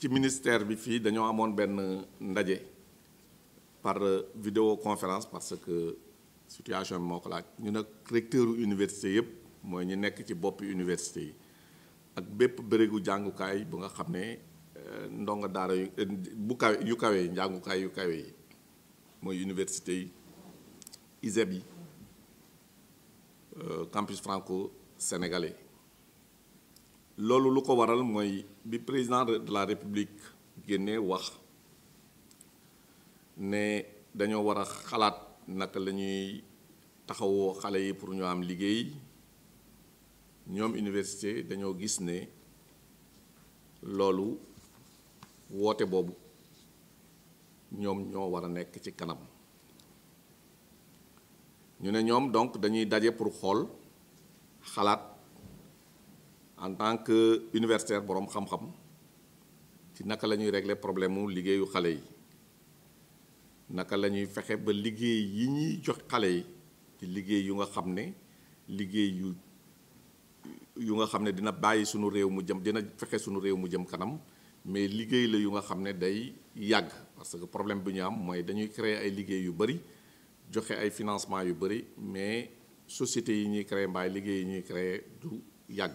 Le ministère bi fi dañu amone par vidéoconférence parce que situation est très nous ñu nak recteur université une moy ñu nek ci bop université yi ak jangukaay bu nga xamné euh, euh, bu yu yu université euh, campus franco sénégalais loolu lu ko waral mooy bi président de la république génnee wax ne dañoo war a xalaat naka la ñuy taxawoo xale yi pour ñu am liggéey ñoom université dañoo gis ne loolu woote boobu ñoom ñoo war a nekk ci kanam ñu ne ñoom donc dañuy daje pour xool xalaat en tant que universitaire boroom xam-xam ci naka la ñuy régler problème mu liggéeyu xale yi naka la ñuy fexe ba liggéey yi ñuy jox xale yi ci liggéey yu nga xam ne liggéey yu nga xam ne dina bàyyi sunu réew mu jëm dina fexe sunu réew mu jëm kanam mais liggéey yu nga xam ne day yàgg parce que problème bi ñu am mooy dañuy créer ay liggéey yu bëri joxe ay financement yu bëri mais société yi ñuy créer mbaay liggéey yi ñuy créer du yàgg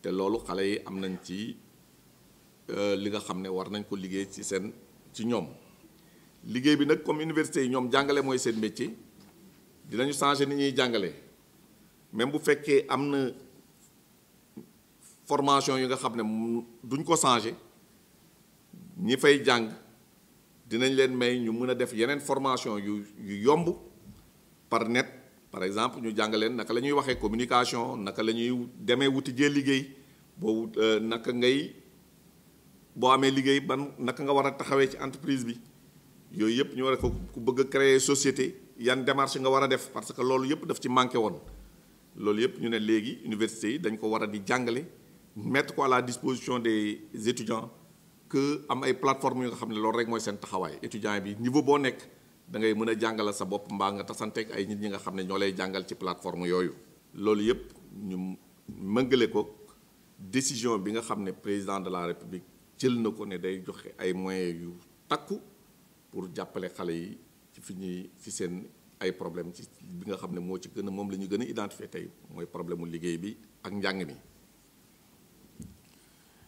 te loolu xale yi am nañ ci euh, li nga xam ne war nañ ko liggéey ci seen ci ñoom liggéey bi nag comme université yi ñoom jàngale mooy seen métier dinañu changer ni ñuy jàngale même bu fekkee am na formation yi nga xam ne duñ ko changer ñi fay jàng dinañ leen may ñu mën a def yeneen formation yu yu yomb par net par exemple ñu avons naka la communication nous avons ñuy demee wuti jee liggéey boobu euh, naka ngay boo amee liggéey ban nga ci entreprise bi ñu créer société démarche nga parce que loolu yëpp daf ci manqué woon loolu yëpp ñu université mettre à la disposition des étudiants que am ay plateformes nga xam ne rek niveau boo da ngay mën a jàngala sa bopp mbaa nga tasanteeg ay nit ñi nga xam ne ñoo lay jàngal ci plateforme yooyu loolu yëpp ñu mëngale ko décision bi nga xam ne président de la république jël na ko ne day joxe ay moyens yu takku pour jàppale xale yi ci fi ñuy fi seen ay problème ci bi nga xam ne moo ci gën a moom la ñu gën a identifier tey mooy problème mu liggéey bi ak njàng mi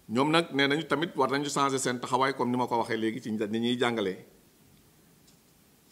ñoom nag nee nañu tamit war nañu changer seen taxawaay comme ni ma ko waxee léegi ci ni ñuy jàngalee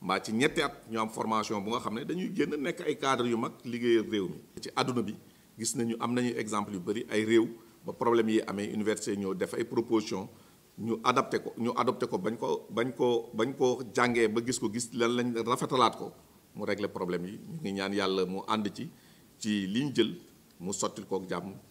mbaa ci ñetti at ñu am formation bu nga xam ne dañuy génn nekk ay cadre yu mag liggéeyal réew mi. ci àdduna bi gis nañu am nañu exemple yu bëri ay réew ba problème yi amee université ñoo def ay proposition ñu adapté ko ñu adopté ko bañ ko bañ ko bañ ko jàngee ba gis ko gis lan lañ rafetalaat ko mu régler problème yi ñu ngi ñaan yàlla mu ànd ci ci liñ jël mu sottil kook jàmm.